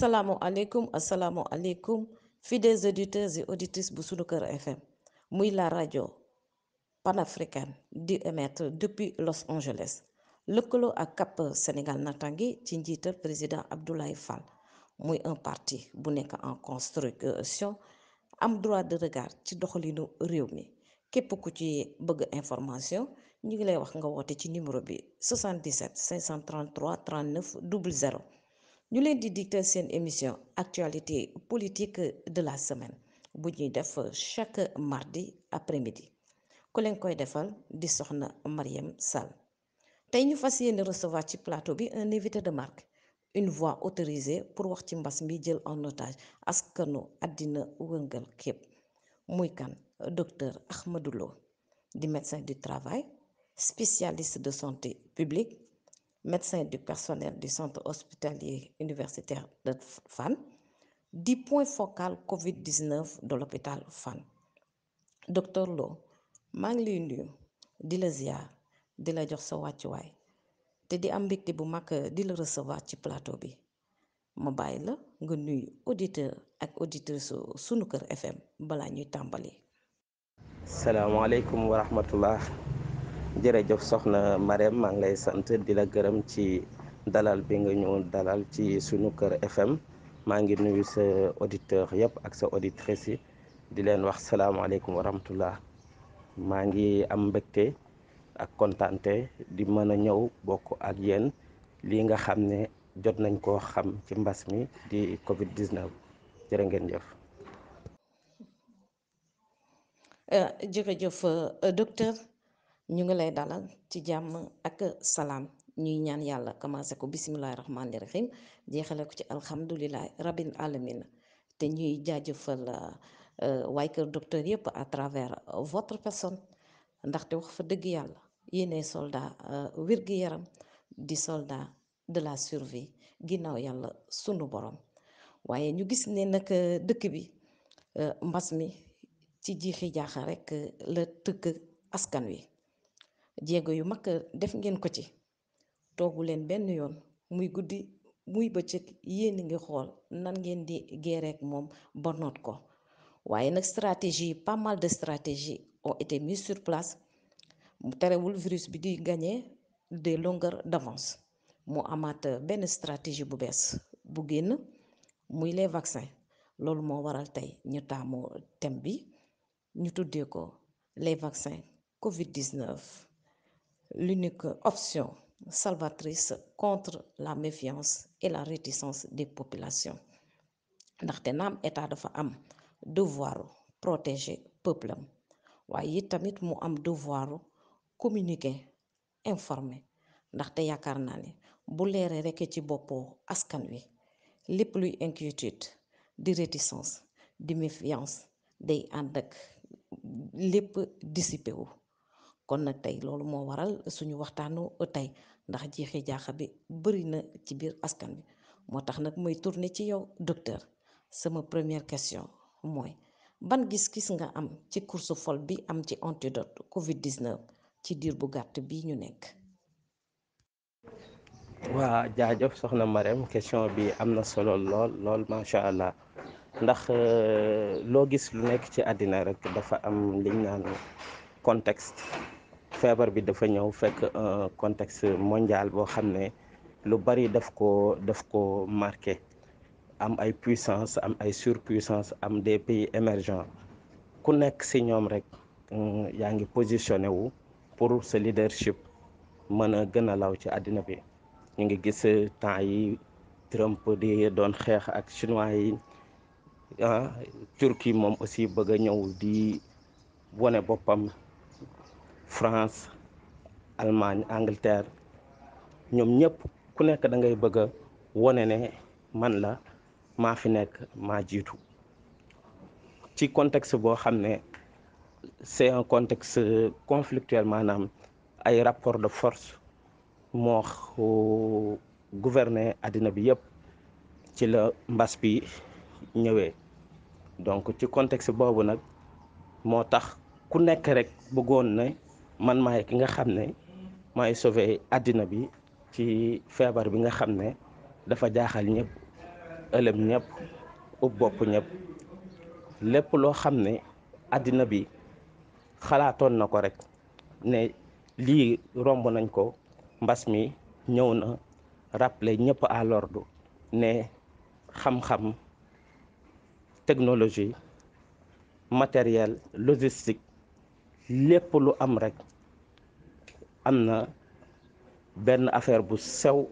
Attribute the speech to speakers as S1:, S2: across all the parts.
S1: Assalamu alaikum, assalamu alaikum, fidèles auditeurs et auditrices bu sunu FM muy la radio panafricaine di émettre depuis Los Angeles Le collo à CAP Sénégal Natangi, ci président Abdoulaye Fall muy un parti bu en construction am droit de regard ci doxalinu réew mi képp ci bëgg information ñu ngi lay numéro bi 77 533 39 00 nous leen di une émission actualité politique de la semaine chaque mardi après-midi nous avons Mariam Sall recevoir un invité de marque une voix autorisée pour en otage askanu nous wëngal képp docteur médecin du travail spécialiste de santé publique médecin du personnel du centre hospitalier universitaire de Fan, 10 points focaux COVID-19 de l'hôpital Fan. Docteur Lo Mangli ngi lay di la ziar di la jox sa wàccuwaay te di am euh, la recevoir ci plateau bi auditeur bàyyi auditeur ak auditrice FM balaa Tambali.
S2: Salam alaikum wa rahmatullah jërëjëf soxna Marème maa ngi lay sant di la gërëm ci dalal bi nga ñëw dalal ci sunu kër FM maa ngi nuyu sa auditeur yëpp ak sa auditrice yi di leen wax salaamaaleykum wa rahmatullah maa ngi am mbégte ak kontaante di mën a ñëw bokk ak yéen lii nga xam ne jot nañ ko xam ci mbas mi di Covid 19 jërë ngeen jëf.
S1: Euh, euh, ñu ngi lay dalal ci jàmm ak salaam ñuy ñaan yàlla commencé ko bisimilahi rahmaani rahim jeexale ko ci alhamdulilah rabbil alamin te ñuy jaajëfal euh, waaye kër docteur yëpp à travers euh, votre personne ndaxte wax fa dëgg yàlla yéenay soldat euh, wér-gi-yaram di soldat de la survie ginnaaw yàlla sunu borom waaye ñu gis ne nag dëkk bi mbas mi ci jiixi jaaxa rek la tëkk askan wi diego yu mag def ngeen ko ci toogu leen benn yoon muy guddi muy bëccëg yéen a ngi xool nan ngeen di moom ko waaye nag stratégie pas mal de stratégies ont été mises sur place mu terewul virus bi di gagner des d'avance mu amaat benn stratégie bu bees bu génn muy les vaccins loolu moo waral tey ñu taamu tem bi ñu tuddee ko les vaccins Covid-19 l'unique option salvatrice contre la méfiance et la réticence des populations ndaxte Nam état dafa am devoiru protéger peuple Waye tamit mu am devoiru communiquer informer ndaxte yaakaar naa bu léré rek ci boppu askan wi Lepp luy inquiétude di réticence di méfiance day andak lepp lépp kon nag tey loolu moo waral suñu waxtaanu tey ndax jiixi jaaxa bi bëri na ci biir askan bi moo tax nag mooy tourné ci yow docteur sama première question mooy ban gis-gis nga am ci course fol bi am ci antidote Covid 19 ci diir bu gàtt bi ñu nekk.
S2: waa jaajëf soxna Marème question bi am na solo lool lool macha allah ndax euh, loo gis lu nekk ci àddina rek dafa am liñ naan contexte feebar bi dafa ñëw fekk un contexte mondial boo xam ne lu bari daf ko daf ko marqué am ay puissance am ay surpuissance am des pays émergents ku nekk ci ñoom rek euh, yaa ngi positionné wu pour sa leadership mën a gën a law ci àddina bi ñu ngi gis temps yi Trump di doon xeex ak chinois yi ah Turquie moom aussi bëgg a ñëw di wane boppam France Allemagne Angleterre ñoom ñëpp ku nekk da ngay bëgg a wane ne man la maa fi nekk maa jiitu ci contexte boo xam ne c'est un contexte conflictuel maanaam ay rapport de force moo gouverner àddina bi yëpp ci la mbas bi ñëwee donc ci contexte boobu nag moo tax ku nekk rek bëggoon na man maay ki nga xam ne maay sauver àddina bi ci feebar bi nga xam ne dafa jaaxal ñépp ëlëm ñépp ub bopp ñépp lépp loo xam ne àddina bi xalaatoon na ko rek ne lii romb nañ ko mbas mi ñëw na rappeler ñëpp à l'ordre ne xam-xam technologie matériel logistique lépp lu am rek am na benn affaire bu sew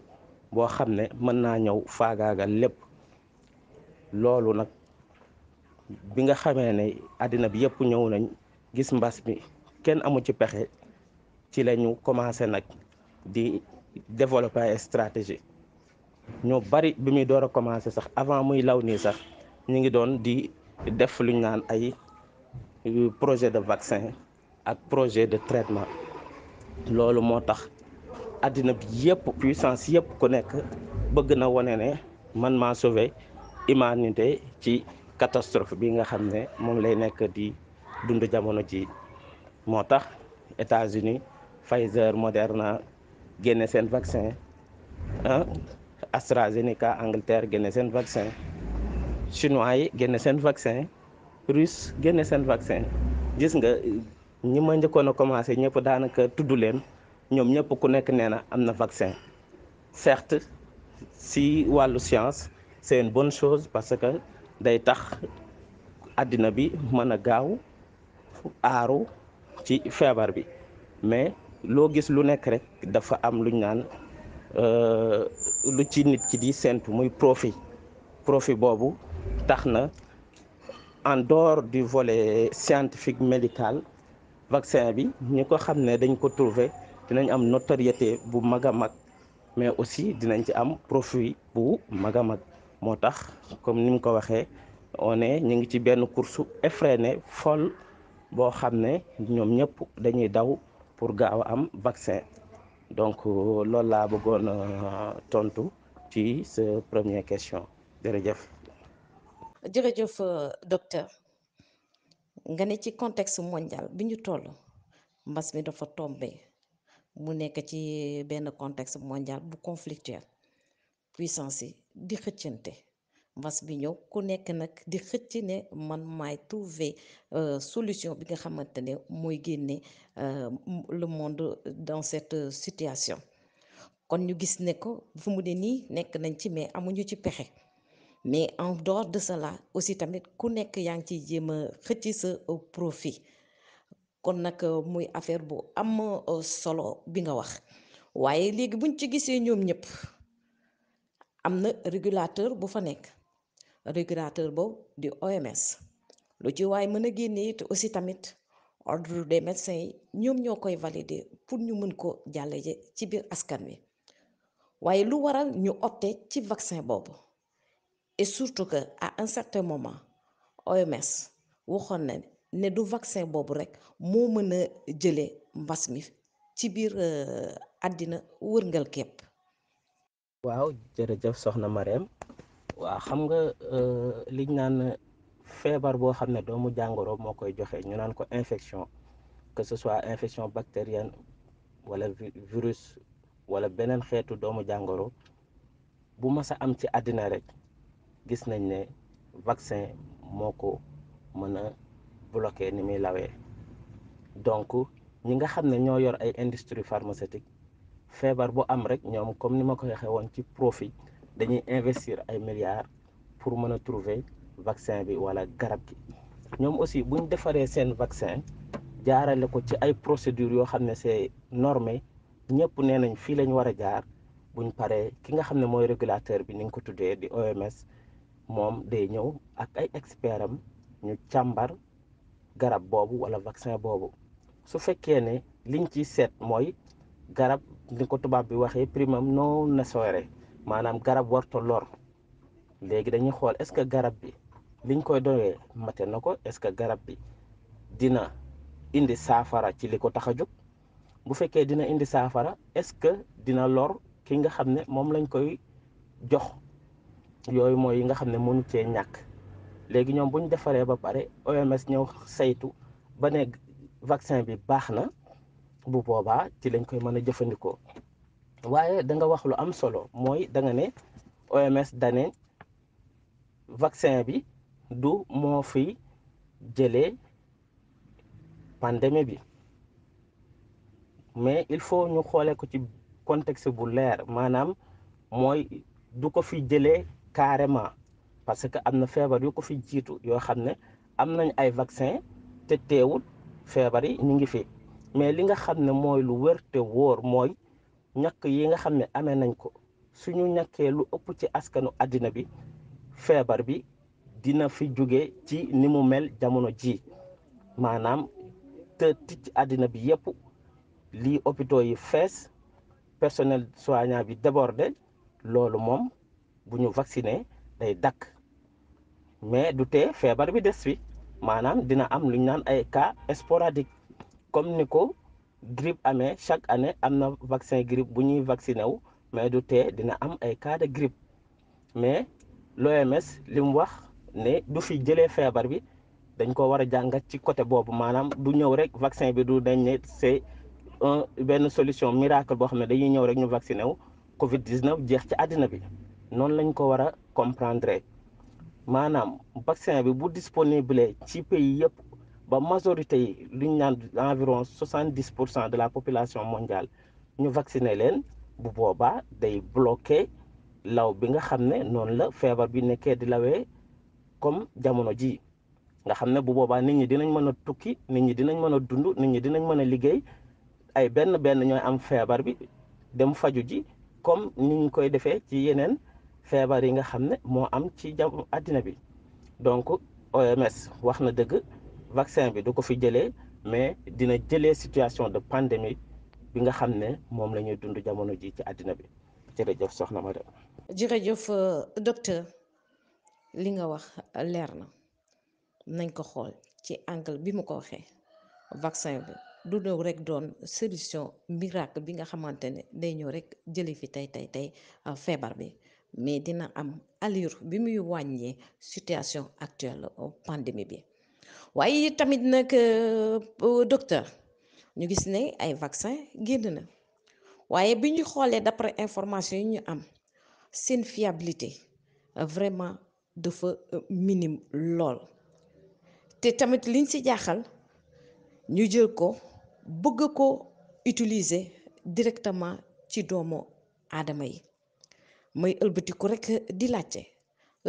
S2: boo xam ne mën naa ñëw faagaagal lépp loolu nag bi nga xamee ne àddina bi yëpp ñëw nañ gis mbas mi kenn amu ci pexe ci la ñu commencé nag di développe ay stratégie ñu bari bi muy door a commencé sax avant muy law nii sax ñu ngi doon di def luñ naan ay euh, projet de vaccin ak projet de traitement loolu moo tax addina bi yëpp puissance yëpp ku nekk bëgg na wane ne man maa sauvé humanité ci catastrophe bi nga xam ne moom lay nekk di dund jamono ji moo tax États-Unis Pfizer Moderna génne seen vaccin ah AstraZeneca Angleterre génne seen vaccin chinois yi génne seen vaccin russe génne seen vaccin gis nga Nous ma commencé ñëpp daanaka des leen ñoom ñëpp ku nekk nee vaccin certes si la science c'est une bonne chose parce que day tax àddina bi mën a gaaw aaru ci bi mais loo gis lu nekk rek dafa am luñ naan euh, lu ci nit ki di muy profit profit en dehors du volet scientifique médical vaccin bi ñi ko xam dañ ko trouver dinañ am notoriété bu mag mag mais aussi dinañ ci am profit bu mag a mag moo comme nim ko waxé on est ñi ngi ci benn course effrénée folle bo xam ñom ñoom ñëpp dañuy daw pour gaaw am vaccin donc euh, lool la bëggoon euh, tontu ci ce première question jërëjëf.
S1: jërëjëf euh, docteur nga ne ci contexte mondial bi ñu toll mbas mi dafa tombé mu nekk ci benn contexte mondial bu conflictuel puissance yi di xëccante mbas bi ñëw ku nekk nag di xëcc ne man maay trouver euh, solution bi nga xamante ne mooy génne euh, le monde dans cette situation kon ñu gis ne ko fu mu ne nii nekk nañ ci mais amuñu ci pexe mais en dehors de cela aussi tamit ku nekk yaa ngi ciy jéem a xëcc sa profit kon nag euh, muy affaire bu am euh, solo bi nga wax waaye léegi buñ ci gisee ñoom ñëpp am na régulateur bu fa nekk régulateur boobu di OMS lu ci waaye mën a génne it aussi tamit ordre des médecins yi ñoom ñoo koy valider pour ñu mën ko jàllale ci biir askan wi waaye lu waral ñu ote ci vaccin boobu. et surtout que à un certain moment OMS waxoon na ne du vaccin bobu rek mo meuna a jëlee ci bir adina euh, wërngal képp.
S2: waaw jërëjëf soxna Marème wa
S1: xam nga euh, liñ
S2: naan feebar bo xam ne doomu jangoro mo koy joxe ñu naan ko infection que ce soit infection bactérienne wala virus wala benen xeetu doomu jangoro bu ma sa am ci adina rek gis nañ ne vaccin moo ko mën a bloqué ni muy lawee donc ñi nga xam ne ñoo yor ay industrie pharmaceutique feebar bu am rek ñoom comme ni ma ko waxee woon ci profit dañuy investir ay milliards pour mën a trouver vaccin bi wala garab gi ñoom aussi buñ defaree seen vaccin jaarale ko ci ay procédures yoo xam ne c'est normé ñëpp nee nañ fii lañ war a jaar buñ paree ki nga xam ne mooy régulateur bi ni nga ko tuddee di OMS moom day ñëw ak ay expert ñu càmbar garab boobu wala vaccin boobu su fekkee ne liñ ci seet mooy garab ni ko tubaab bi waxee primam non nocere maanaam garab warta lor léegi dañuy xool est-ce que garab bi liñ koy doyee mate na ko est-ce que garab bi dina indi saafara ci li ko tax a jóg bu fekkee dina indi saafara est-ce que dina lor ki nga xam ne moom lañ koy jox yooyu mooy yi nga xam ne mënu cee ñàkk léegi ñoom buñ defaree ba pare OMS ñëw saytu ba ne vaccin bi baax na bu boobaa ci lañ koy mën a jëfandikoo waaye da nga wax lu am solo mooy da nga ne OMS dane vaccin bi du moo fi jëlee pandémie bi mais il faut ñu xoolee ko ci contexte bu leer maanaam mooy du ko fi jëlee carrément parce que am na feebar yu ko fi jiitu yoo xam ne am nañ ay vaccin te teewul feebar yi ñu ngi fi mais li nga xam ne mooy lu wér te wóor mooy ñakk yi nga xam ne amee nañ ko suñu ñàkkee lu ëpp ci askanu àddina bi feebar bi dina fi jóge ci ni mu mel jamono ji maanaam te ci àddina bi yëpp lii hôpitaux yi fees personnel soignant bi débordé loolu moom nous vacciné vacciner day dak mais du faire feebar bi des fi dina am luñ nane ay cas sporadique comme nico grippe grippe amé chaque année amna vaccin grippe buñuy vacciné wu mais du dina am ay cas de grippe mais l'OMS lim wax ne du fi jëlee feebar bi dañ ko wara a ci côté bobu manam du ñëw rek vaccin bi du dañ né c'est une solution miracle pour xamné dañuy ñëw rek ñu vacciné wu Covid 19 jeex ci adina bi. noonu lañ ko war a comprendre maanaam vaccin bi bu disponible ci pays yëpp ba majorité yi luñ naan environ soixante dix pour cent de la population mondiale ñu vacciner leen bu boobaa day bloqué law bi nga xam ne noonu la feebar bi nekkee di lawee comme jamono ji nga xam ne bu boobaa nit ñi dinañ mën a tukki nit ñi dinañ mën a dund nit ñi dinañ mën a liggéey ay benn benn ñooy am feebar bi dem faju ji comme ni ñu koy defee ci yeneen feebar yi nga xam ne moo am ci jam àddina bi donc OMS wax na dëgg vaccin bi du ko fi jëlee mais dina jëlee situation de pandémie bi nga xam ne moom la ñuy dund jamono ji ci àddina bi jërëjëf soxna ma dem
S1: jërëjëf euh, docteur li nga wax leer na nañ ko xool ci angle bi mu ko waxee vaccin bi du ñëw rek doon solution miracle bi nga xamante ne day ñëw rek jële fi tey tey tey euh, feebar bi mais dina am allure bi muy wàññee situation actuelle pandémie bi waaye tamit nag euh, docteur ñu gis ne ay vaccin génn na waaye bi ñu xoolee d'après information yi ñu am seen fiabilité vraiment dafa euh, minime lool te tamit liñ ci jaaxal ñu jël ko bëgg ko utiliser directement ci doomu aadama yi may ëlbatiku rek di laajte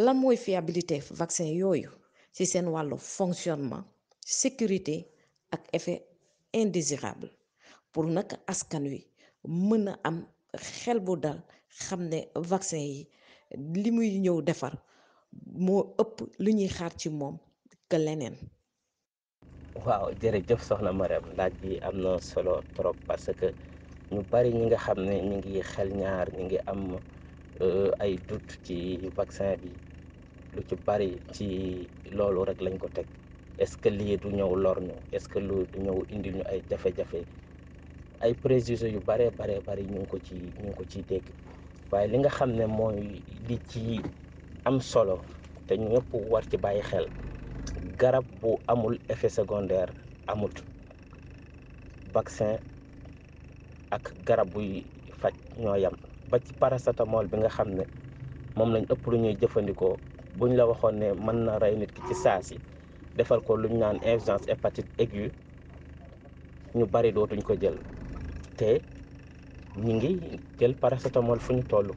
S1: lan moy fiabilité vaccin yoyu ci sen wàllu fonctionnement sécurité ak effet indésirable pour nak askan wi meuna am xel bu dal xamné vaccin yi limuy ñew défar mo upp luñuy xaar ci mom ke lenen
S2: waaw jërëjëf soxna Mariam laaj bi am na solo trop parce que ñu bari ñi nga xam ne ñu ngi xel ñaar ñi ngi am. Euh, ay doute ci vaccin bi lu ci bari ci loolu rek lañ ko teg est-ce que lii du ñëw lor ñu est-ce que lu du ñëw indil ñu ay jafe-jafe ay préjugés yu baree baree bari ñu ngi ko ci ñu ngi ko ci dégg waaye li nga xam ne mooy li ci am solo te ñu ñëpp war ci bàyyi xel garab bu amul effet secondaire amut vaccin ak garab buy faj ñoo yam ba ci paracetamol bi nga xam ne moom lañ ëpp lu ñuy jëfandikoo bu ñu la waxoon ne mën na rey nit ki ci saa si defal ko lu ñu naan urgence hépatite aiguë ñu bari dootuñ ko jël te ñu ngi jël paracetamol fu ñu toll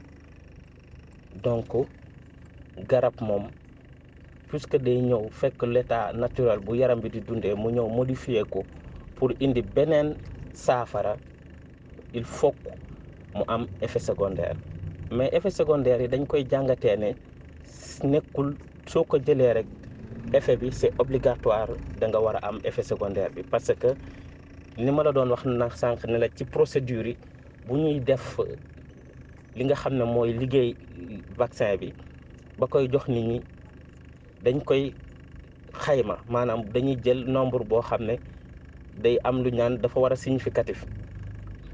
S2: donc garab moom puisque day ñëw fekk l'état naturel bu yaram bi di dundee mu ñëw modifier ko pour indi beneen saafara il faut mu am effet secondaire mais effet secondaire yi dañ koy jàngatee ne nekkul soo ko jëlee rek effet bi c'est obligatoire da nga war a am effet secondaire bi parce que ni ma la doon wax na sànq ne la ci procédure yi bu ñuy def li nga xam ne mooy liggéey vaccin bi ba koy jox nit ñi dañ koy xayma maanaam dañuy jël nombre boo xam ne day am lu ñaan dafa war a significatif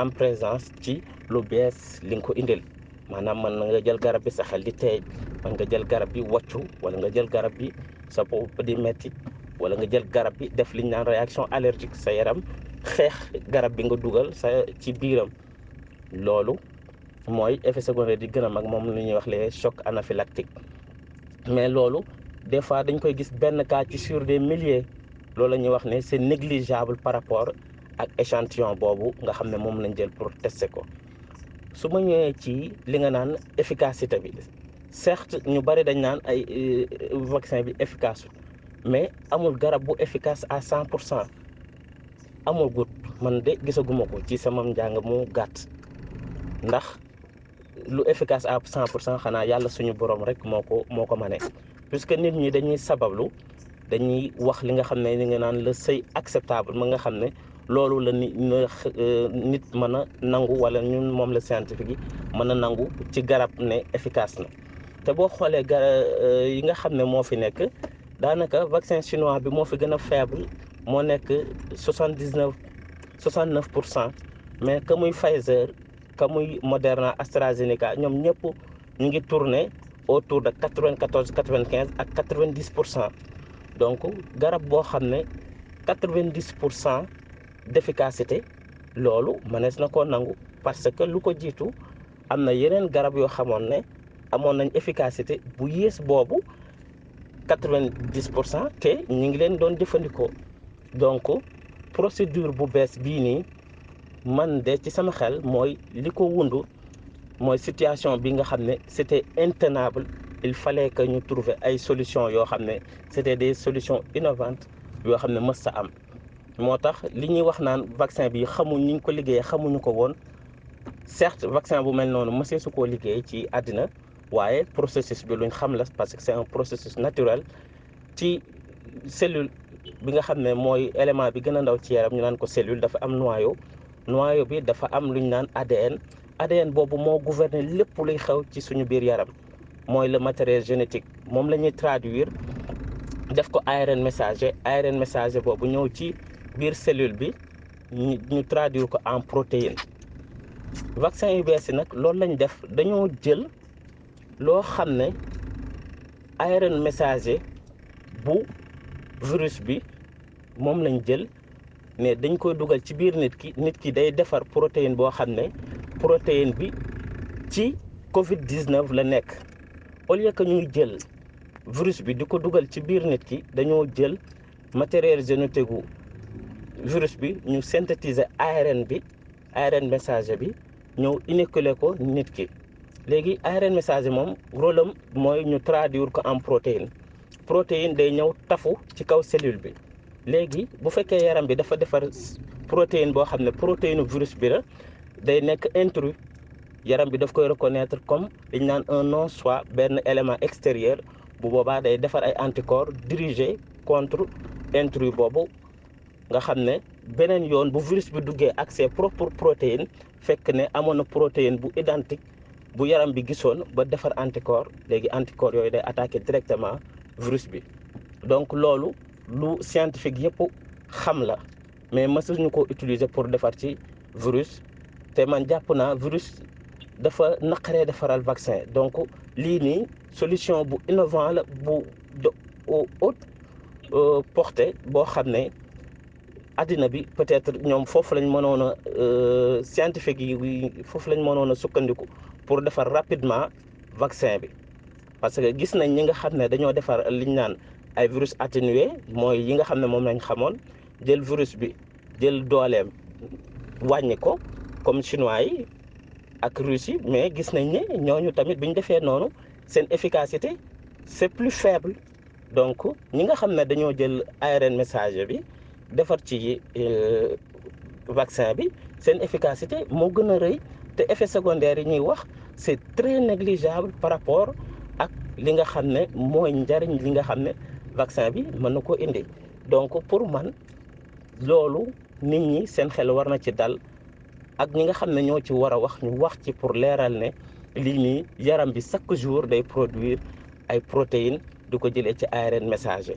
S2: en présence ci lu bees li nga ko indil maanaam mën na nga jël garab bi sa xel di teej mën nga jël garab bi wàccu wala nga jël garab bi sa bopp di metti wala nga jël garab bi def liñ naan réaction allergique sa yaram xeex garab bi nga dugal sa ci biiram loolu mooy effet secondaire di gën a mag moom lu ñuy wax les choc anaphylactique mais loolu des fois dañ koy gis benn cas ci sur des milliers loolu la wax ne c'est négligeable par rapport ak échantillon boobu nga xam ne moom lañ jël pour tester ko su ma ñëwee ci li nga naan efficacité bi certes ñu bari dañ naan ay euh, vaccin bi efficace mais amul garab bu efficace à cent pour cent amul gut man de gisaguma ko ci sama njàng mu gàtt ndax lu efficace à cent cent xanaa yàlla suñu borom rek moo ko moo ko ma mane puisque nit ñi dañuy sabablu dañuy wax li nga xam ne li nga naan la seuil acceptable ma nga xam ne loolu la ni euh, nit mën a nangu wala ñun moom la scientifique yi mën a nangu ci garab ne efficace na te boo xoolee garab euh, yi nga xam ne moo fi nekk daanaka vaccin chinois bi moo fi gën a faible moo nekk soixante dix neuf soixante neuf pour cent mais ka muy Pfizer ka muy Moderna AstraZeneca ñoom ñëpp ñu ngi tourner autour de quatre vingt quatorze quatre vingt ak quatre pour cent donc garab boo xam ne quatre pour cent d'efficacité lolu manes nako nangu parce que lu ko jiitu am na garab yo xamone ne nañ efficacité bu yées bobu 90% vingt dix ngi leen doon jëfandikoo donc procédure bu bini bi ni man de ci sama xel moy liko wundu moy situation bi nga xam c'était intenable il fallait que ñu trouver ay solutions yo xam c'était des solutions innovantes yoo xam am motax tax li ñuy wax naan vaccin bi xamuñ ni ñu ko liggéeyee xamuñu ko woon certes vaccin bu mel noonu mësee su koo liggéey ci àddina waaye processus bi luñ xam la parce que c'est un processus naturel ci cellule bi nga xam ne mooy élément bi gën a ndaw ci yaram ñu naan ko cellule dafa am noyau noyau bi dafa am luñ naan ADN ADN boobu moo gouverner lépp luy xew ci suñu biir yaram mooy le matériel génétique moom la ñuy traduire def ko ARN messager ARN messager boobu ñëw ci biir cellule bi ñu ñu traduire ko en protéine vaccin yu bees n'est nag loolu lañ def dañoo jël loo xam ne messager bu virus bi moom lañ jël mais dañ koy dugal ci biir nit ki nit ki day defar protéine boo xam protéine bi ci Covid 19 la nekk au lieu que ñuy jël virus bi di ko tibir ci biir nit ki dañoo jël matériel génétique virus bi ñu synthétiser ARN bi ARN message bi ñëw inoculer ko nit ki léegi ARN messager moom rôle mooy ñu traduire ko en protéine protéine day ñëw tafu ci kaw cellule bi léegi bu fekkee yaram bi dafa defar protéine boo xam ne protéine virus bi la day nekk intrus yaram bi daf koy reconnaître comme dañ naan un non soit benn élément extérieur bu boobaa day defar ay anticorps dirigé contre intrus boobu nga xam ne beneen yoon bu virus bi duggee ak ses propres protéines fekk ne amoon na protéine bu identique bu yaram bi gisoon ba defar anticorps léegi anticorps yooyu day attaqué directement virus bi donc loolu lu scientifique yépp xam la mais mësuñu ko utiliser pour defar ci virus te man jàpp naa virus dafa naqaree defaral vaccin donc lii nii solution bu innovant la bu de haute euh, portée boo xam ne àddina bi peut-être ñoom foofu lañ mënoon a euh, scientifique yi foofu lañ mënoon a sukkandiku pour defar rapidement vaccin bi parce que gis nañ ñi nga xam ne dañoo defar liñ naan ay virus atténué mooy yi nga xam ne moom lañ xamoon jël virus bi jël dooleem wàññi ko comme chinois yi ak russe yi mais gis nañ ne ñooñu tamit bi ñu defee noonu seen efficacité c'est plus faible donc ñi nga xam ne dañoo jël ARN message bi defar ci euh, vaccin bi une efficacité moo gën effet secondaire yi ñuy wax c'est très négligeable par rapport à li nga xam ne mooy li nga ne vaccin donc pour man loolu nit ñi seen xel war ci dal ak nga xam ñoo ci wax ñu wax pour ne yaram bi chaque jour day produire ay protéines di ko ci ARN messager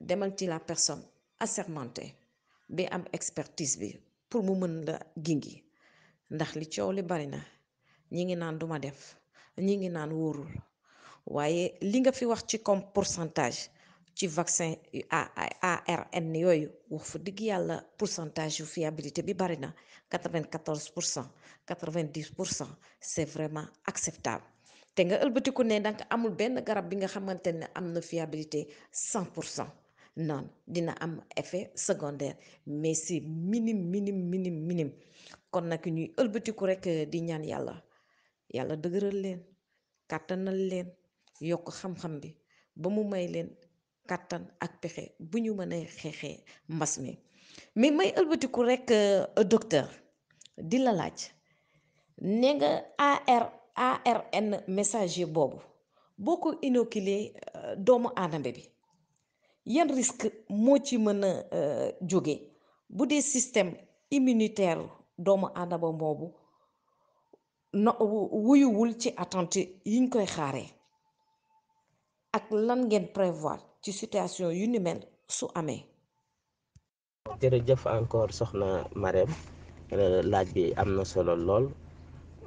S1: demal la personne assermentée bi am expertise bi pour mu mën la gingi ndax li ciow li bari na ñi ngi naan duma def ñi ngi naan wóorul waaye li nga fi wax ci comme pourcentage ci vaccin ARN yooyu wax fa dëgg yàlla pourcentage yu fiabilité bi bari na 94 pour cent 90 pour cent c'est vraiment acceptable te nga ëlbatiku ne danga amul benn garab bi nga xamante ne am na fiabilité 100 pour cent non, dina am effet secondaire mais c'est minime minime minime minime kon nak ñuy ëlbatiku rek euh, di ñaan yalla yalla dëgëral leen kàttanal leen yok xam-xam bi ba mu may leen kàttan ak pexé bu ñu a mi mais may ëlbatiku rek euh, docteur di la laaj ne nga AR ARN messager bobu boo inoculé euh, doomu aadama bi yan risque moo ci mën a euh, jóge bu dee système immunitaire doomu aadama boobu no wuyuwul ci attente yiñ koy xaaree ak lan ngeen prévoir ci situation yu ni mel su amee
S2: jërëjëf encore soxna Marème euh, laaj bi am na solo lool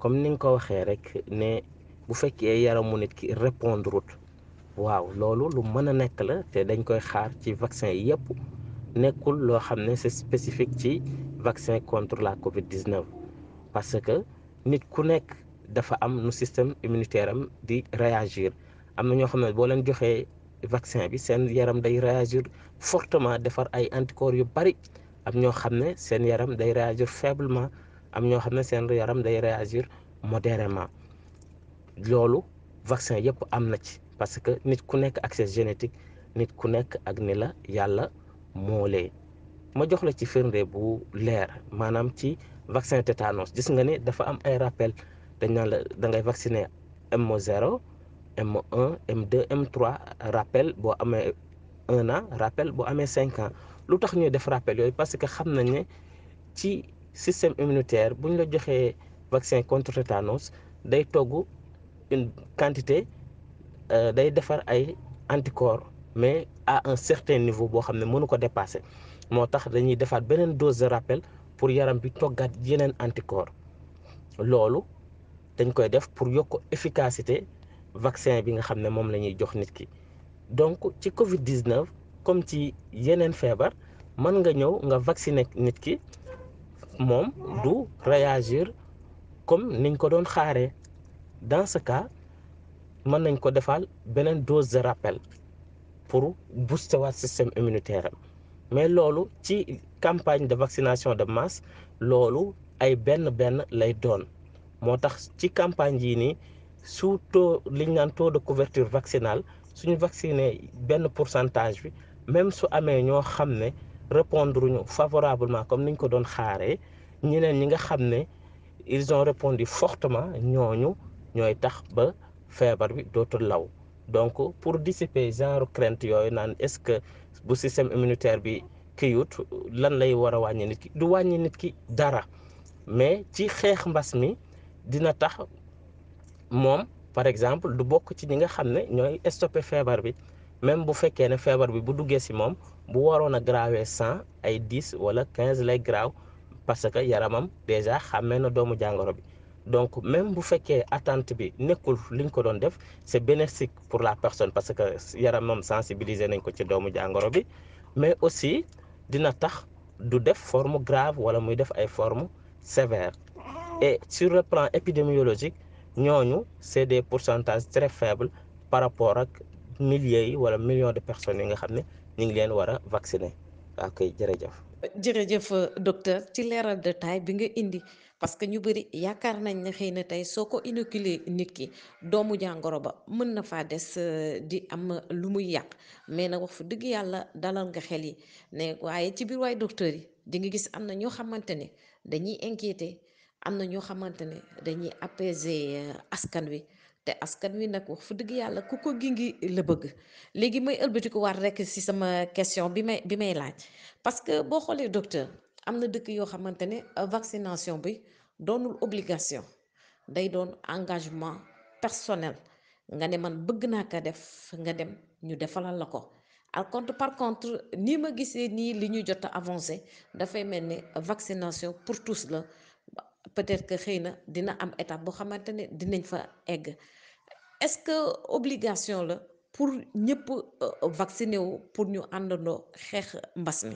S2: comme ni nga ko waxee rek ne bu fekkee yaramu nit ki répondre waaw loolu lu mën a nekk la te dañ koy xaar ci vaccin yëpp nekkul loo xam ne c'est spécifique ci vaccin contre la Covid-19 parce que nit ku nekk dafa am nu système immunitaire am di réagir am na ñoo xam ne boo leen joxee vaccin bi seen yaram day réagir fortement defar ay anticorps yu bari am ñoo xam ne seen yaram day réagir faiblement am ñoo xam ne seen yaram day réagir modérément loolu vaccin yëpp am na ci parce que nit ku nekk accès génétique nit ku nekk ak ni la yàlla moolee ma jox la ci firnde bu leer maanaam ci vaccin tétanos gis nga ni dafa am ay rappel dañ naan la da vacciner M0 M1 M2 M3 rappel boo amee un an rappel boo amee 5 ans lu tax ñuy def rappel yooyu parce que xam nañ ne ci système immunitaire bu ñu la joxee vaccin contre tétanos day togg une quantité euh, day defar ay anticorps mais à un certain niveau bo xamné ne mënu ko dépasser motax dañuy defaat benen dose de rappel pour yaram bi toggaat yenen anticorps loolu dañ koy def pour yokk efficacité vaccin bi nga xamné mom lañuy jox nit ki donc ci Covid 19 comme ci yenen fièvre man nga ñëw nga vacciner nit ki mom du réagir comme niñ ko doon xaré dans ce cas mën nañ ko une dose de rappel pour booster le système immunitaire mais loolu ci campagne de vaccination de masse loolu ay benn benn lay doon moo tax ci campagne yii nii taux taux de couverture vaccinale ...si suñu vacciné benn pourcentage même su amee ñoo xam favorablement comme niñ ko doon xaaree ñeneen ñi nga xam ils ont répondu fortement ñooñu ñooy tax ba feebar bi dootul law donc pour dissiper genre crainte yooyu naan est-ce que bu système immunitaire bi kiyut lan lay war a wàññi nit ki du wàññi nit ki dara mais ci xeex mbas mi dina tax moom par exemple du bokk ci ñi nga xam ne ñooy stoppé feebar bi même bu fekkee ne feebar bi bu duggee si moom bu waroon a graawee cent ay 10 wala 15 lay graw parce que yaramam déjà xàmmee na doomu jàngoro bi donc même bu fekkee attente bi nekkul li ñu doon def c'est bénéfique pour la personne parce que est sensibiliser nañ ko ci doomu jàngoro bi mais aussi dina tax du def forme grave wala muy def ay forme sévère et sur le plan épidémiologique nous c'est des pourcentages très faibles par rapport ak milliers ou wala millions de personnes yi nga xam ne leen war vacciner ok jërëjëf.
S1: jërëjëf docteur ci leeral détail bi nga indi. parce que ñu bëri yaakaar nañ ne xëy na tey soo ko inoculé nit ki doomu jàngoro ba mën na faa des euh, di am lu muy yàq mais nag wax fu dëgg yàlla dalal nga xel yi ne waaye ci biir waay docteur yi di nga gis am na ñoo xamante ne dañuy inquiété am na ñoo xamante ne dañuy apaiser euh, askan wi te askan wi nag wax fu dëgg yàlla ku ko gi ngi la bëgg léegi mooy ëlbati ko war rek si sama question bi may bi may laaj parce que boo xoolee docteur am na dëkk yoo xamante ne euh, vaccination bi doonul obligation day doon engagement personnel nga ne man bëgg naa ko def nga dem ñu defalal la ko al contre par contre nii ma gisee nii li ñu jot a avancé dafay mel ni vaccination pour tous la peut-être que xëy na dina am étape boo xamante ne dinañ fa egg est-ce que obligation la pour ñëpp euh, vacciner wu pour ñu àndandoo xeex mbas mi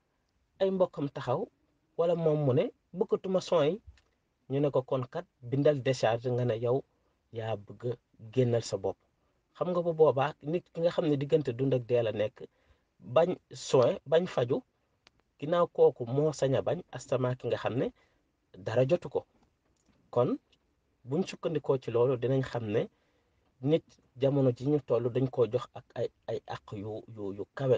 S2: ay mbokkam taxaw wala moom mu ne bëggatuma son yi ñu ne ko kon kat bindal décharge nga ne yow yaa bëgg a génnal sa bopp xam nga ba boobaa nit ki nga xam ne diggante dund ak dee la nekk bañ soin bañ faju ginnaaw kooku moo sañ a bañ astamaa ki nga xam ne dara jotu ko kon buñ sukkandikoo ci loolu dinañ xam ne nit jamono ji ñu toll dañ koo jox ak ay ay àq yu yu yu kawe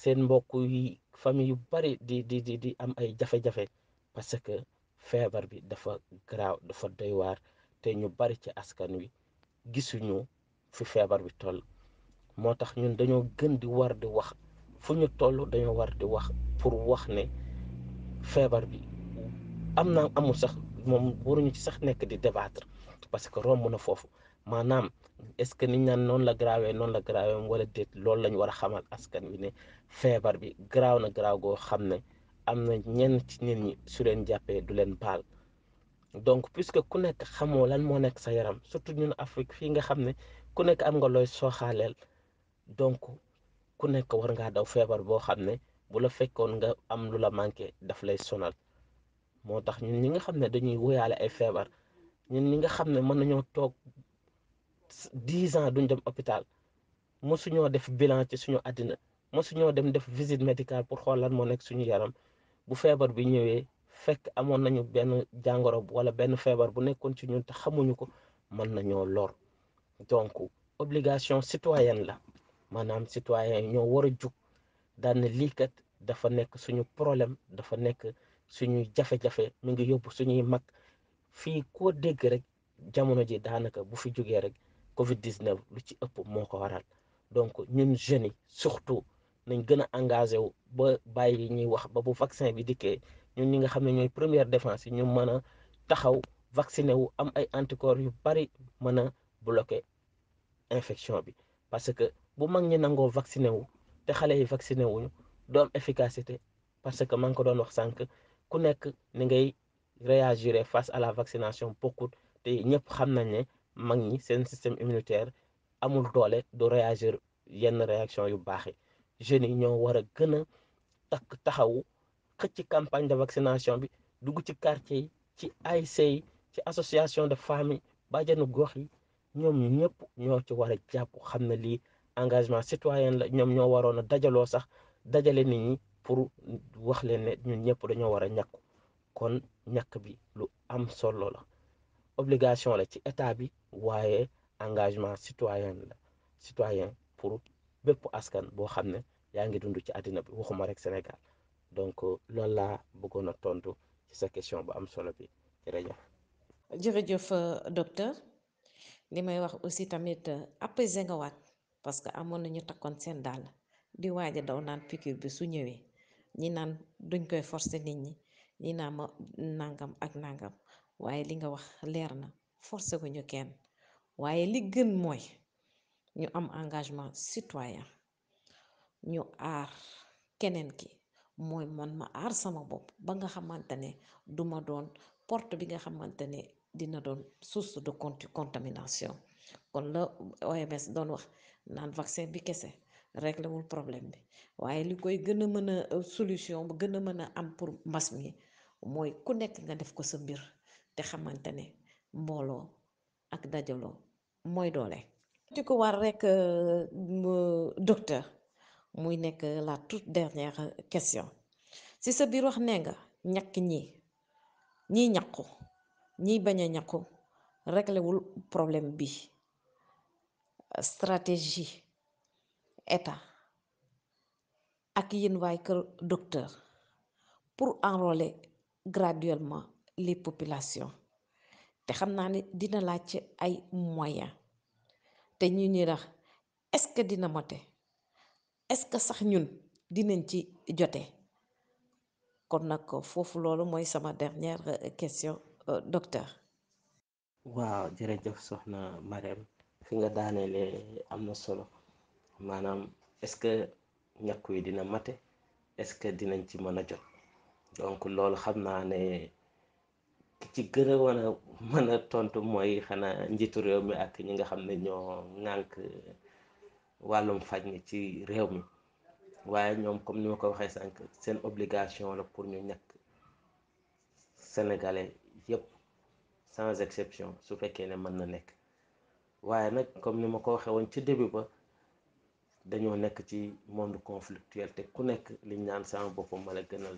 S2: seen mbokk yi famille yu bari di di di di am ay jafe-jafe parce que feebar bi dafa garaaw dafa doy waar te ñu bari ci askan wi gisuñu fi feebar bi toll moo tax ñun dañoo gën di war di wax fu ñu toll dañoo war di wax pour wax ne feebar bi am na amul sax moom waruñu ci sax nekk di débattre parce que romb na foofu maanaam est-ce que niñ naan noonu la garaawee noonu la garaawee wala déet loolu lañ war a xamal askan wi ne feebar bi garaaw na garaaw goo xam ne am na ñenn ci nit ñi su leen jàppee du leen baal donc puisque ku nekk xamoo lan moo nekk sa yaram surtout ñun Afrique fii nga xam ne ku nekk am nga looy sooxaaleel donc ku nekk war ngaa daw feebar boo xam ne bu la fekkoon nga am lu la manqué daf lay sonal moo tax ñun ñi nga xam ne dañuy woyaale ay feebar ñun ñi nga xam ne mën nañoo toog dix ans duñ dem hôpital mosuñoo def bilan ci suñu àddina mosuñoo dem def visite médicale pour xool lan moo nekk suñu yaram bu feebar bi ñëwee fekk amoon nañu benn jàngoro wala benn feebar bu nekkoon ci ñun te xamuñu ko mën nañoo lor donc obligation citoyenne la maanaam citoyen ñoo war a jug daan ne lii kat dafa nekk suñu problème dafa nekk suñuy jafe-jafe mi ngi yóbbu suñuy mag fii ko dégg rek jamono ji daanaka bu fi jógee rek Covid 19 lu ci ëpp moo ko waral donc ñun jeunes yi surtout nañ gën a engagé wu ba bàyyi ñuy wax ba bu vaccin bi dikkee ñun ñi nga xam ne première défense yi ñu mën a taxaw vacciné wu am ay anticorps yu bari mën bloqué infection bi parce que bu mag ñi nangoo vacciné wu te xale yi vacciné wuñu du am efficacité parce que maa ngi ko doon wax sànq ku nekk ni ngay réagir face à la vaccination bokkut te ñëpp xam nañ ne mag ñi système immunitaire amul doole réagir yenn réaction yu ñoo campagne de vaccination bi ci quartier ci association de famille bàjjenu gox ñëpp ñoo ci engagement citoyen la ñoom ñoo waroon a dajaloo sax nit pour wax leen ñun kon bi am solo obligation la ci waaye engagement citoyen pour bépp askan boo xam ne yaa ngi dund ci àddina bi waxuma rek Sénégal donc loolu laa bëggoon a tontu ci sa question bu am solo bi jërëjëf.
S1: jërëjëf euh, docteur li may wax aussi tamit euh, apaiser nga waat parce que amoon na ñu takkoon seen daal di waaj a daw naan piqûre bi su ñëwee ñi naan duñ koy forcer nit ñi ñi naan ma nangam ak nangam waaye li nga wax leer na. force ko ñu kenn waaye li gën nous ñu am engagement citoyen ñu aar keneen ki mooy man ma aar sama bopp ba nga xamante ne ma doon porte bi nga xamante source de contamination kon la OMS doon wax naan vaccin bi kese problème bi waaye li koy gën a solution gën a am pour un mi mooy ku nekk nga def ko sa te et ak dajaloo moy dole ci ko war rek euh, docteur muy nek la toute dernière question si sa bir wax ne nga ñak ñi ñi ñakku ñi baña a régler wul problème bi stratégie état ak yeen way docteur pour enrôler graduellement les populations. te xam naa ne dina laaj ci ay moyen te ñu ñi rax est-ce que dina mote est-ce que sax ñun dinañ ci jote kon nag foofu loolu mooy sama dernière euh, question euh, docteur
S2: waaw jërëjëf soxna Marème fi nga daaneele am na solo maanaam est-ce que ñàkk wi dina mate est-ce que dinañ ci mën a jot donc loolu xam naa ne ci gën a wan a mën a tontu mooy xanaa njiitu réew mi ak ñi nga xam ne ñoo ŋànk wàllum faj mi ci réew mi waaye ñoom comme ni ma ko waxee sànq seen obligation la pour ñu ñàkk sénégalais yépp sans exception su fekkee ne mën na nekk waaye nag comme ni ma ko waxee woon ci début ba dañoo nekk ci monde conflictuel te ku nekk liñ naan sama boppam walla la gënal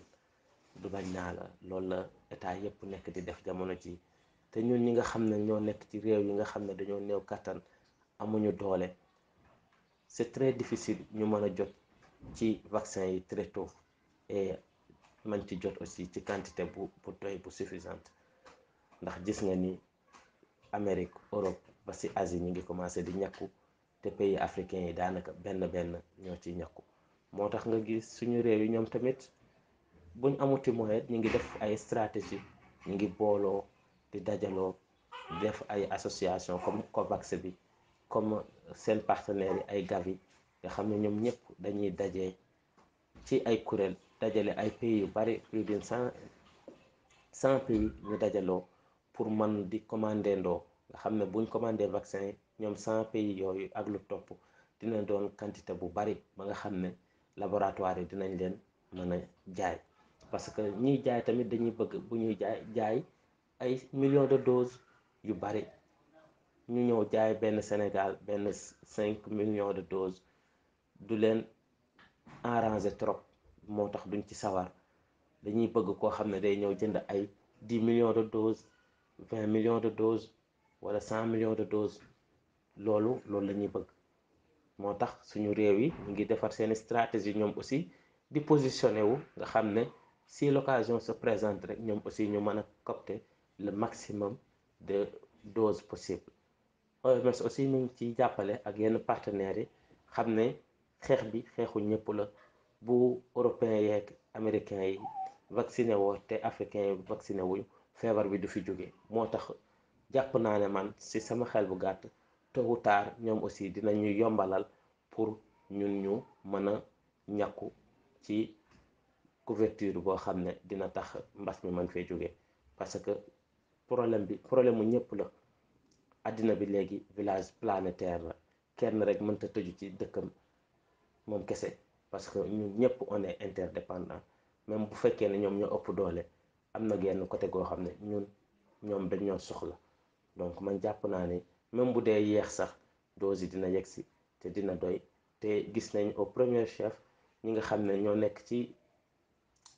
S2: du bañ naa la loolu la état yëpp nekk di def jamono ji te ñun ñi nga xam ne ñoo nekk ci réew yi nga xam ne dañoo néew kàttan amuñu doole c'est très difficile ñu mën a jot ci vaccin yi très tôt et man ci jot aussi ci quantité bu bu doy bu suffisante ndax gis nga ni Amérique Europe ba si Asie ñu ngi commencé di ñàkku te pays africains yi daanaka benn benn ñoo ci ñàkku moo tax nga gis suñu réew yi ñoom tamit buñ amuti moyen ñu ngi def ay stratégie ñu ngi booloo di dajaloo def ay association comme COVAX bi comme seen partenaires yi ay Gavi nga xam ne ñoom ñëpp dañuy daje ci ay kuréel dajale ay pays yu bari plus de cent pays ñu dajaloo pour man di commandé ndoo nga xam ne buñ commandé vaccin yi ñoom cent pays yooyu ak lu topp dina doon quantité bu bari ba nga xam ne laboratoire yi dinañ leen mën a jaay parce que ñiy jaay tamit dañuy bëgg bu ñuy jaay jaay ay millions de dose yu bari ñu ñëw jaay benn Sénégal benn cinq million de dose du leen arranger trop moo tax duñ ci sawar dañuy bëgg koo xam ne day ñëw jënd ay dix millions de doses vingt millions de dose wala cent millions de dose loolu loolu lañuy bëgg moo tax suñu réew yi mu ngi defar seeni stratégie ñoom aussi di positionné wu nga xam ne si l'occasion se présente rek aussi ñu mën a le maximum de doses possible Mais aussi ñu ngi ciy jàppale ak yenn partenaires yi xam ne xeex bi xeexu ñëpp la bu européens yeeg américains yi vacciné woo te africains yi vacciné wuñu feebar bi du fi jóge moo tax man si sama xel bu gàtt tôt ou tard nous aussi dinañu yombalal pour ñun ñu mën a ñàkku ci couverture boo xam ne dina tax mbas mi mën fee jóge parce que problème bi problème mu ñëpp la addina bi léegi village planétaire la kenn rek mënta tëju ci dëkkam moom kese parce que ñun ñëpp on est interdépendant même bu fekkee ne ñoom ñoo ëpp doole am na genn côté goo xam ne ñun ñoom dañ ñoo soxla donc man jàpp naa ni même bu dee yeex sax dose yi dina yegg si te dina doy te gis nañ au premier chef ñi nga xam ne ñoo nekk ci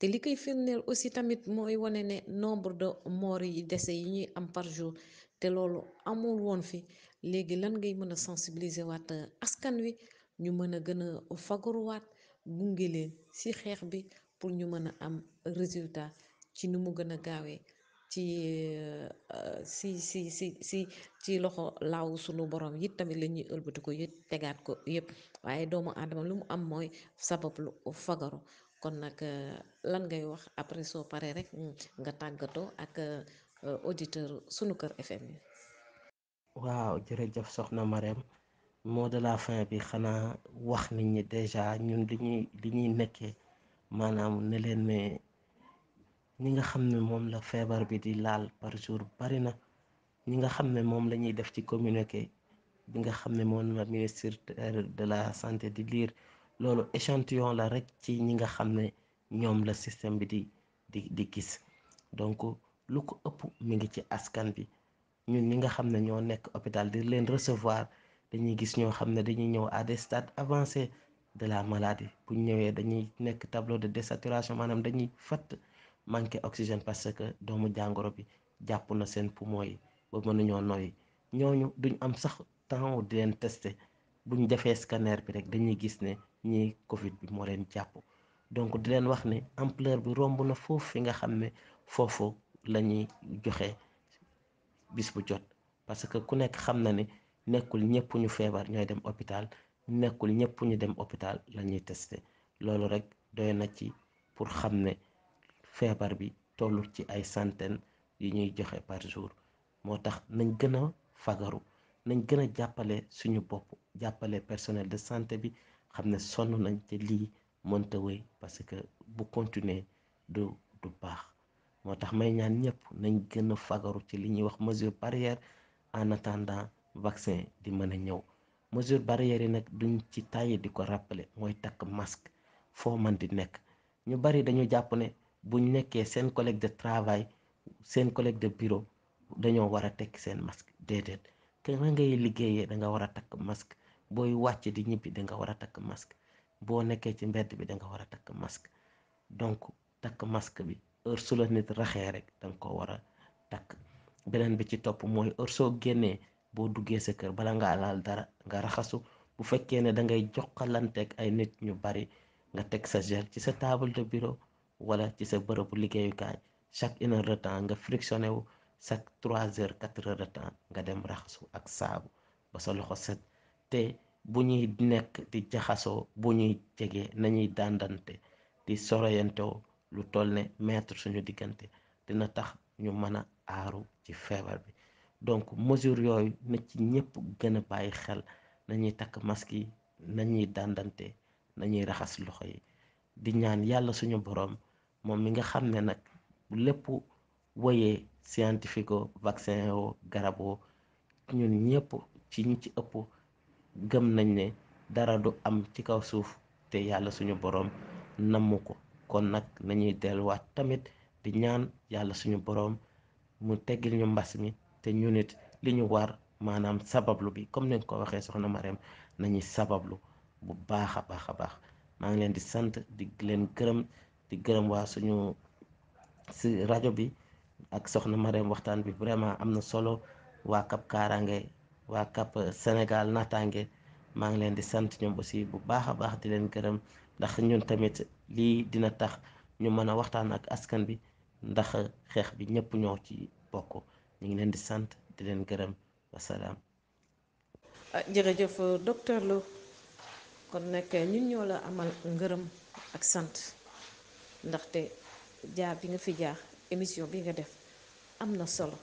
S1: te li koy firndeel aussi tamit mooy wane ne nombre de morts yi dese yi ñuy am par jour te loolu amul woon fi léegi lan ngay mën a sensibiliser waat euh, askan wi ñu mën a gën a fagaruwaat gunge leen ci xeex bi pour ñu mën a am résultat ci nu mu gën a gaawee ci si si si si ci loxo laaw sunu borom it tamit la ñuy ëlbati ko yit tegaat ko yëpp waaye doomu aadama lu mu am mooy sabab lu fagaru kon nag euh, lan ngay wax après soo paree rek mm, nga tàggatoo ak euh, auditeur sunu kër FM yi.
S2: waaw jërëjëf soxna Marème mot de la fin bi xanaa wax nit ñi déjà ñun li ñuy li ñuy nekkee maanaam ne leen mais ni nga xam ne moom la feebar bi di laal par jour bari na ñi nga xam ne moom la ñuy def ci communiqué bi nga xam ne moom la ministère de la santé di liir. loolu échantillon la rek ci ñi nga xam ne ñoom la système bi di di di gis donc lu ko ëpp mi ngi ci askan bi ñun ñi nga xam ne ñoo nekk hôpital di leen recevoir dañuy gis ñoo xam ne dañuy ñëw à des stades avancés de la maladie bu ñu ñëwee dañuy nekk tableau de désaturation maanaam dañuy fatt manqué oxygène parce que doomu jàngoro bi jàpp na seen poumon yi ba ñoo noyyi ñooñu duñ am sax temps di leen tester buñ defee scanner bi rek dañuy gis ne ñi Covid bi moo leen jàpp donc di leen wax ne ampleur bi romb na foofu fi nga xam ne foofu la ñuy joxe bis bu jot parce que ku nekk xam na ni nekkul ñëpp ñu feebar ñooy dem hôpital nekkul ñëpp ñu dem hôpital la ñuy testé loolu rek doy na ci pour xam ne feebar bi tollu ci ay centaine yu ñuy joxe par jour moo tax nañ gën a fagaru nañ gën a jàppale suñu bopp jàppale personnel de santé bi xam ne sonn nañ te lii mënta parce que bu continuer du du baax moo tax may ñaan ñëpp nañ gën a fagaru ci li ñuy wax mesure barrière en attendant vaccin di mën a ñëw mesure barrière yi nag duñ ci tàyyi di ko rappale mooy takk masque foo man di nekk ñu bari dañu jàpp ne bu ñu nekkee seen collègue de travail seen collègue de bureau dañoo war a tekk seen masque déedéet ka nga ngay liggéeyee da nga war a takk masque booy wàcc di ñibbi da nga war a takk masque boo nekkee ci mbedd bi danga nga war a takk masque donc takk masque bi heure su la nit raxee rek da nga ko war a takk beneen bi ci topp mooy heure soo génnee boo duggee sa kër bala ngaa laal dara nga raxasu bu fekkee ne da ngay joxalanteeg ay nit ñu bari nga teg sa gel ci sa table de wala ci sa bërëbu liggéeyukaay chaque une heure de nga frictionné wu chaque trois heures quatre heures de temps nga dem raxasu ak saabu ba sa loxo set te bu ñuy nekk di jaxasoo bu ñuy jege nañuy dandante di soroyantewoo lu toll ne mètre suñu diggante dina tax ñu mën a aaru ci feebar bi donc mesure yooyu na ci ñëpp gën a bàyyi xel nañuy takk masque yi nañuy dàndante nañuy raxas loxo yi di ñaan yàlla suñu boroom moom mi nga xam ne nag lépp woyee scientifique o vaccin o garab o ñun ñëpp ci ñi ci ëpp gëm nañ ne dara du am ci kaw suuf te yàlla suñu boroom namu ko kon nag nañuy delluwaat tamit di ñaan yàlla suñu boroom mu teggil ñu mbas mi te ñu nit li ñu war maanaam sabablu bi comme ni ko waxee soxna Marème nañuy sabablu bu baax a baax a baax maa ngi leen di sant di leen gërëm di gërëm waa suñu si rajo bi ak soxna Marème waxtaan bi vraiment am na solo waa Cap Kaaraange waa CAP Sénégal naataange maa ngi leen di sant ñoom aussi bu baax a baax di leen gërëm ndax ñun tamit lii dina tax ñu mën a waxtaan ak askan bi ndax xeex bi ñëpp ñoo ci bokk ñu ngi leen di sant di leen gërëm wasalaam.
S1: Ah, jërëjëf docteur Lo kon nag ñun ñoo la amal ngërëm ak sant ndaxte jaar bi nga fi jaar émission bi nga def am na solo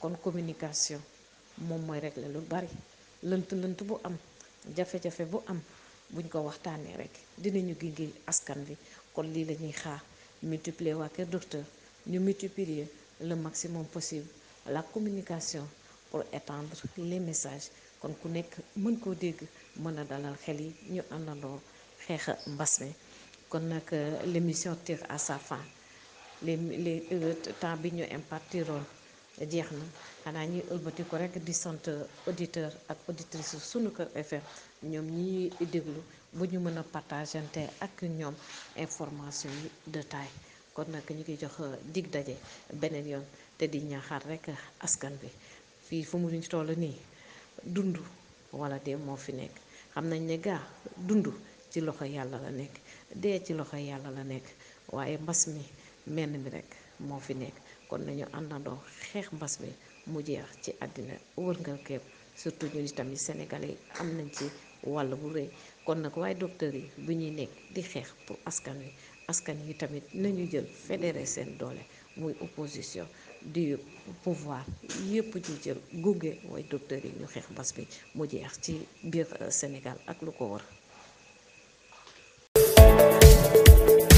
S1: kon communication. moom mooy régler lu bari lënt lënt bu am jafe-jafe bu am buñ ko waxtaanee rek dinañu askan kon xaar multiplier Docteur multiplier le maximum possible la communication pour étendre les messages kon ku dégg dalal ñu euh, l'émission tire à sa fin les euh, temps bi ñu jeex na xanaa ñuy ëlbatiku rek di sant auditeur ak auditrice sunu kër FM ñoom ñi déglu bu ñu mën a partagente ak ñoom information yi de kon nag ñu ngi jox euh, dig daje beneen yoon te di ñaaxaat rek askan bi fii fu mu ñu toll nii dund wala dee moo fi nekk xam nañ ne gaa dundu ci loxo yàlla la nekk dee ci loxo yàlla la nekk waaye mbas mi menn mi rek moo fi nekk kon nañu àndandoo xeex mbas mi mu jeex ci surtout ñun sénégalais ci wàll bu docteur yi bu ñuy di pour askan wi askan yi tamit nañu jël fédéré seen muy opposition du pouvoir yépp jël docteur yi ñu xeex bi mu jeex euh, Sénégal ak